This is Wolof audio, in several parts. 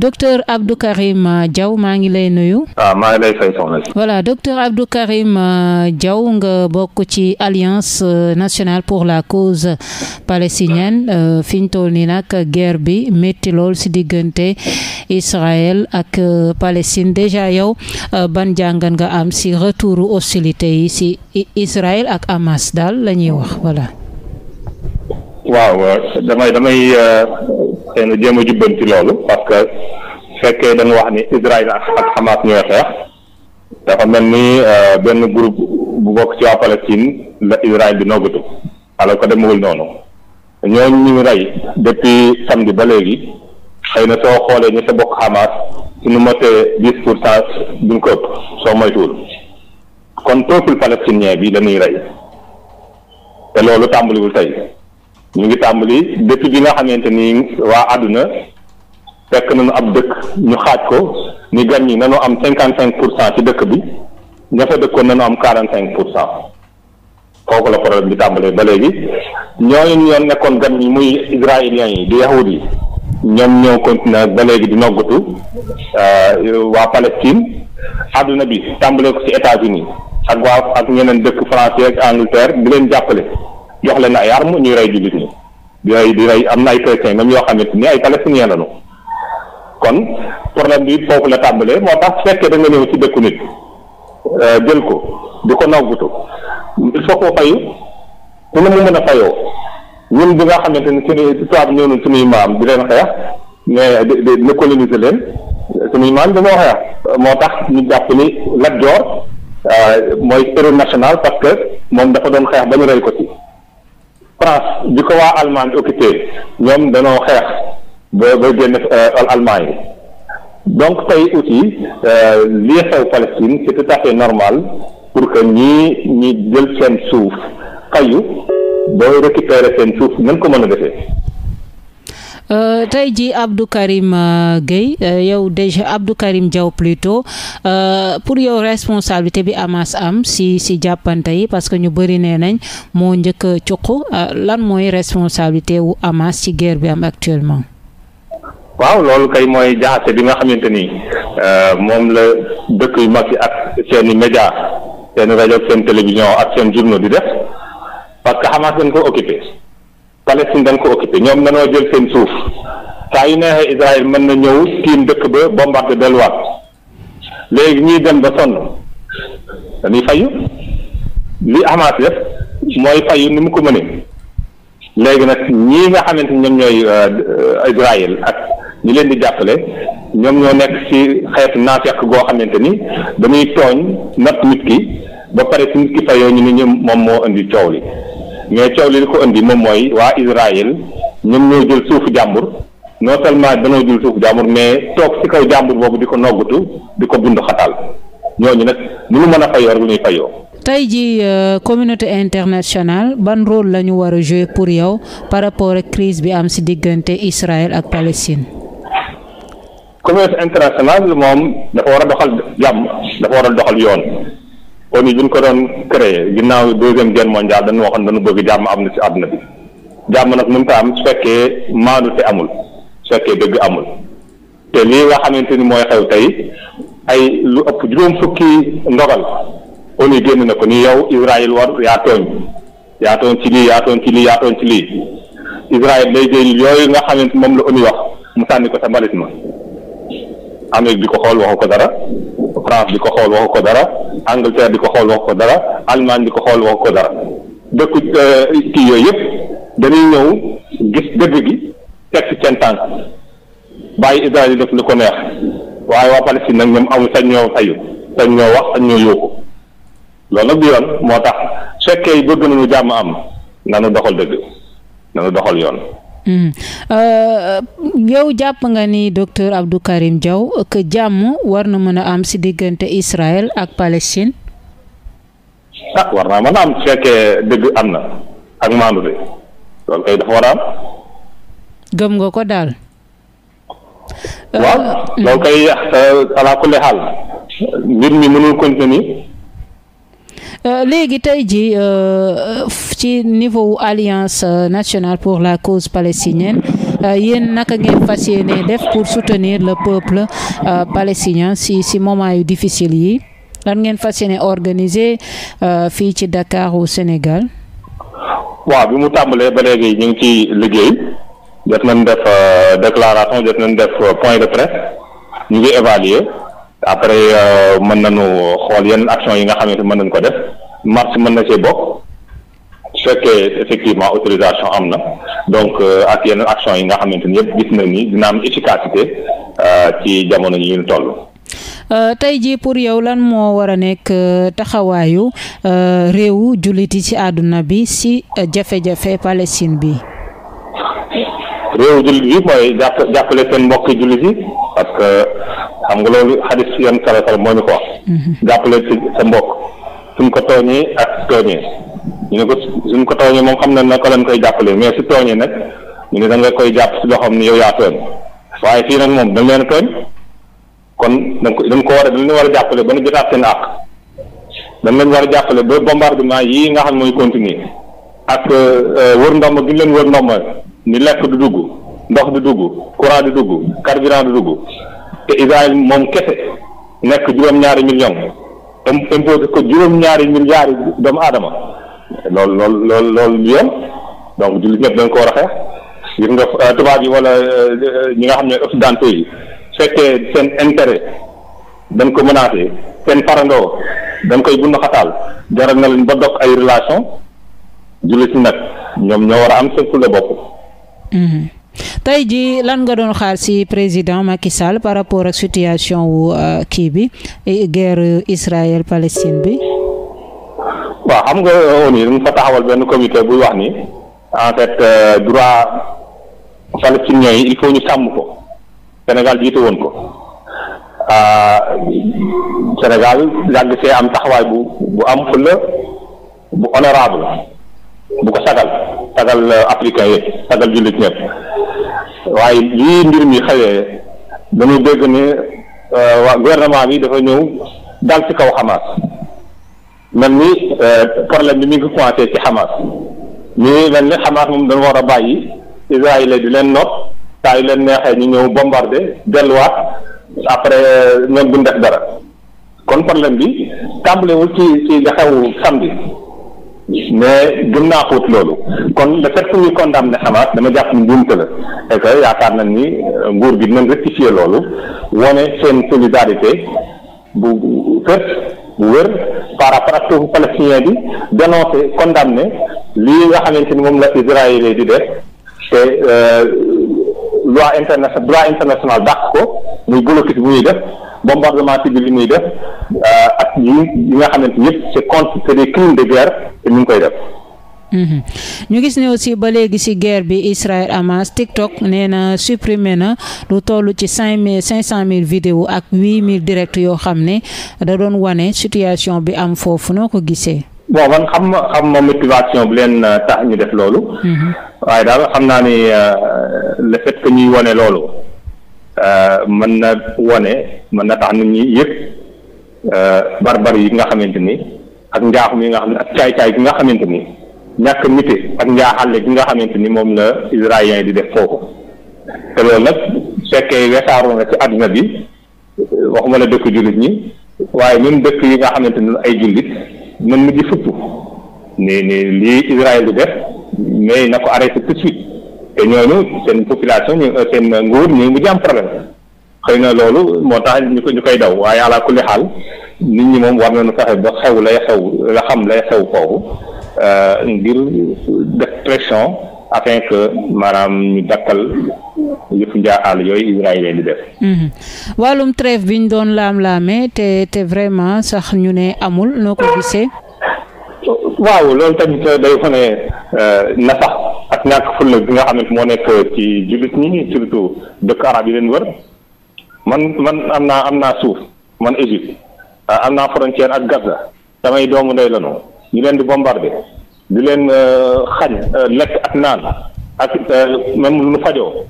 docteur Abdou Karim jaw euh, maa ngi lay nuyu. Ah, voilà docteur Abdou Karim euh, Diaw nga bokk ci alliance euh, nationale pour la cause palestinienne fi ñu toll nii nag guerre bi métti lool si diggante Israël ak Palestine déjà yow ban jàngan nga am si retouru hostilité yi si Israël ak Hamas daal la ñuy wax voilà. waaw damay damay. xëy na jéem a jubbanti loolu parce que fekkee dañu wax ni Israël ak Hamas ñooy xeex dafa mel ni euh, benn group bu bokk ci waa Palestine la Israël di noggatu alors que demagul noonu ñooñu ñu rey depuis samedi ba léegi xëy na soo xoolee ñi sa bokk Hamas suñu motee dix pour cent duñ ko ëpp soo moytuwul kon peuple palestinien bi la rey te loolu tàmbaliwul tey ñu ngi tàmbali depuis bi nga xamante ni waa àdduna fekk nañu ab dëkk ñu xaaj ko ni gan ñi nañu am cinquante cinq pour cent ci dëkk bi ña fa dëkkoon nañu am quarante cinq pour cent foofu la problème bi tàmbalee ba léegi ñooñu ñoo nekkoon gan ñi muy israéliens yi di yahud yi ñoom ñoo continué ba léegi di noggatu euh, waa Palestine àdduna bi tàmbalee ko ci États-Unis ak waa ak ñeneen dëkk français ak Angleterre di leen jàppale. jox leen ay armes ñuy rey jullit ñi di rey di rey am na ay chrétiens même yoo xamante ni ay palestiniens lañu kon problème bi foofu la tàmbalee moo tax fekkee da nga ñëw ci dëkku nit euh, jël ko di ko noggutu il faut ko fayu ku ne mu mën a fayoo ñun bi nga xamante ni suñuy tubaab maam di leen xeex mais di di di leen suñuy maam dañoo xeex moo tax ñu jàpp ni Lat Joor euh, mooy héros national parce que moom dafa doon xeex ba ñu rey ko ci France bi ko waa Allemagne occupé ñoom danoo xeex ba ba génn euh, Allemagne donc tey aussi euh, lii xew Palestine c'est tout à fait normal pour que ñii ñi jël seen suuf fayu booy récupérer seen suuf nañ ko mën a defee Euh, tey ji Abdou Karim euh, Gueye euh, yow déjà Abdou Karim Diaw plutôt pour yow responsabilité bi Hamas am si si jàppante yi parce que ñu bëri nee nañ moo njëkk a cuq lan mooy responsabilité wu Hamas ci guerre bi am actuellement. waaw loolu kay mooy jaxase bi nga xamante ni moom la dëkk yu mag yi ak seeni média seen rajo ak seen télévision ak seen journaux di def parce que Hamas dañ ko occupé. Palestine dañ ko occupé ñoom nanoo jël seen suuf saa yu neexee Israël mën na ñëw tiim dëkk ba bombardé delluwaat léegi ñuy dem ba sonn dañuy fayu li Hamas def mooy fayu ni mu ko mënee léegi nag ñii nga xamante ñoom ñooy euh, Israël ak ñu leen di jàppale ñoom ñoo nekk ci xeetu naafeq goo xamante ni damay tooñ natt nit ki ba pare ci nit ki fayoo ñu ni ñoom moom moo indi coow li mais coow li li ko indi moom mooy waa Israël ñoom ñoo jël suufu jàmbur non seulement danoo jël suufu jàmbur mais toog ci kaw jàmbur boobu di ko noggutu di ko bund xatal ñooñu nag mënu mën a fayoo rek lu ñuy fayoo. tey jii euh, communauté internationale ban rôle la ñu war a jouer pour yow par rapport ak crise bi am ci diggante Israël ak Palestine. communauté internationale moom dafa war a doxal jàmm dafa war a doxal yoon. ONU bu ñu ko doon créé ginnaaw deuxième guerre mondiale dañu waxoon dañu bëgg jàmm am na ci àdduna bi jàmm nag mënut a am su fekkee maandu te amul su fekkee dëgg amul te lii nga xamante ni mooy xew tey ay lu ëpp juróom fukki ndogal ONU génn na ko ni yow Israël war yaa tooñ yaa tooñ ci lii yaa tooñ ci lii yaa tooñ ci lii Israël day jël yooyu nga xamante moom la ONU wax mu sànni ko sa mbalit ma Amérique di ko xool waxu ko dara France di ko xool waxu ko dara Angleterre di ko xool waxu ko dara Allemagne di ko xool waxu ko dara dëkku euh, kii yooyu yëpp dañuy ñëw gis dëgg gi teg ci seen tànk bàyyi Israël yi def lu ko neex waaye waa Palestine nag ñoom amul sañ ñoo tayu sañ ñoo wax sañ ñoo yóoku loolu nag du yoon moo tax fekkee bëgg nañu jàmm am nanu doxal dëgg nanu doxal yoon Hmm. Euh, yow jàpp nga ni docteur Abdou Karim Diaw que jàmm war na mën a am si diggante Israël ak Palestine. ah war naa mën a am fekkee dëgg am na ak maandu de loolu kay dafa war a am. gëm nga ko daal. waaw euh, hmm. loolu kay euh, alaa xaal mbir mi mënul continuer. Euh, léegi tey ji euh, ci niveau alliance nationale pour la cause palestinienne euh, yéen naka ngeen fas def pour soutenir le peuple palestinien si si moment yu difficile yi lan ngeen fas yéene organiser fii ci Dakar au Sénégal. waaw bi mu tàmbalee ba léegi ñu ngi ci liggéey jot nañ def déclaration jot nañ def point de presse ñu ngi évaluer. après euh, mën nañu xool yenn action yi nga xamante mën nañu ko def marche mën na cee bokk su fekkee effectivement autorisation am na donc euh, ak yenn action yi nga xamante ni yëpp gis nañ ni dina am efficacité euh, ci jamono yi ñu toll. tey jii pour yow lan moo war a nekk taxawaayu réewu jullit yi ci àdduna bi si jafe-jafe Palestine bi. réewu jullit bi mooy jàpp jàppale seen mbokki jullit yi parce que. xam nga loolu xadis yoon sala sala moo ñu ko wax mhm. jàppale sa mbokk suñ ko tooñee ak tooñee ñu ne ko suñ ko tooñee moom xam na na ko leen koy jàppale mais si tooñee nag ñu ne da nga koy jàpp si loxoom ni yow yaa tooñ waaye fii nag moom dañ leen tooñ kon dañ ko dañ ko war a dañ a jàppale ba nu jotaat seen àq dañ leen war a jàppale ba bombardement yii nga xam mooy continuer ak euh, wër ndomb gi ñu leen wër ndomb ni lekk du dugg ndox du dugg courant du dugg carburant du te Israël moom kese nekk juróom-ñaari million imposé ko juróom-ñaari milliards doomu aadama lool loolu loolu loolu yoon donc jullit ñëpp dañ ko war a ngir nga euh, tubaab yi wala euh, ñi nga xam ne occidentaux yi fekkee seen intérêt dañ ko menacé seen parandoo dañ koy bund xataal jaral na leen ba dog ay relation jullit nag ñoom ñoo war a am seen fulla bopp mm-hmm. tey jii lan nga doon xaar si président Macky Sall par rapport ak situation wu euh, kii bi guerre Israël Palestine bi. waaw xam nga euh, ONU dañu fa taxawal benn comité buy wax ni en fait euh, droit palestiniens yi il faut ñu sàmm ko Sénégal jiite woon ko Sénégal yàgg see am taxawaay bu bu am fulla bu honorable bu ko sagal sagal euh, africain yi sagal jullit ñëpp waaye lii mbir mi xëyee dañu dégg ni euh, waa gouvernement bi dafa ñëw dal ci kaw Hamas mel ni euh, problème bi mi ngi commencé ci Hamas mais mel ni Hamas moom dañu war a bàyyi Israël di leen not saa yu leen neexee ñu ñëw bombardé delluwaat après ñoom duñ def dara kon problème bi tàmbalewul ci ci nga xew mais gën naa xóot loolu kon le fait que ñu condamné Hamas dama jàpp ni njuumte la et que yaakaar nañ ni euh, nguur gi dinañ rectifier loolu ne seen solidarité bu fët bu wër par rapport ak peuple palestinien bi dénoncé condamné lii nga xamante ni moom la Israël di def te loi internationale droit ko muy blocus bu ñuy def bombardement civil muy def euh, ak yi nga xamante ni yëpp c'est contre c'est des crimes de guerre te ñu ngi koy def. Mhm. ñu gis ne aussi ba léegi ci guerre bi Israël Hamas TikTok nee na supprimer na lu toll ci cinq mille cinq cent mille vidéos ak huit mille directs yoo xam ne da doon wane situation bi am foofu noo ko gisee. bon man xam xam ma motivation bu leen euh, tax ñu def loolu. Mm-hmm. waaye daal xam naa ni euh, le fait que ñuy wone loolu euh, mën na wone mën na tax nit ñi yëg barbar yi nga xamante ni ak njaaxum yi nga xam ne ak nga xamante ni ñàkk mite ak njaaxalle ki nga xamante ni moom la israélien yi di def foofu te loolu nag fekkee weesaaru na ci àdduna bi waxuma la dëkk jullit ñi waaye même dëkk yi nga xamante ni ay jullit. mën mu di fëpp ne ne lii Israël di def mais na ko arrêté tout suite te ñooñu seen population ñu euh, seen nguur ñu ngi am problème xëy na loolu moo tax ñu ko ñu koy daw waaye ala kulli xaal nit ñi moom war na fexe ba xew lay xew la xam lay xew foofu euh, ngir def pression afin que ñu dakkal yëpp njaa àll yooyu Israël leen di def. Mhm. wàllum trêve bi ñu doon laam-laamee te te vraiment sax ñu ne amul noo ko gisee. waaw loolu tamit day wane euh, na sax ak ñàkk fulla bi nga xam ne moo nekk ci jullit ñi surtout dëkk arab yi leen wër man man am naa am naa suuf man Égypte ah, am naa frontière ak Gaza samay doomu ndey lanu ñu leen di bombardé di leen euh, xañ euh, lekk ak naan ak même lu fajoo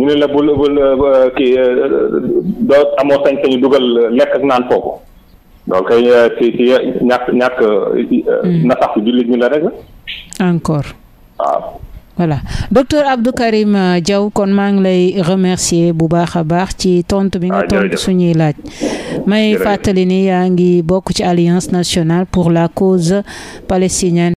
ñu ne la bul bul euh, kii euh, doo amoo sañ-sañu dugal lekk ak naan foofu loolu euh, kay ci ñàkk ñàkk. Hmm. nasax jullit ñu la rek encore. waaw. voilà docteur Karim Diaw kon maa ngi lay remercier bu baax a baax ci tontu bi nga ah, tontu suñuy laaj may fàttali ni yaa ngi bokk ci alliance nationale pour la cause palestinienne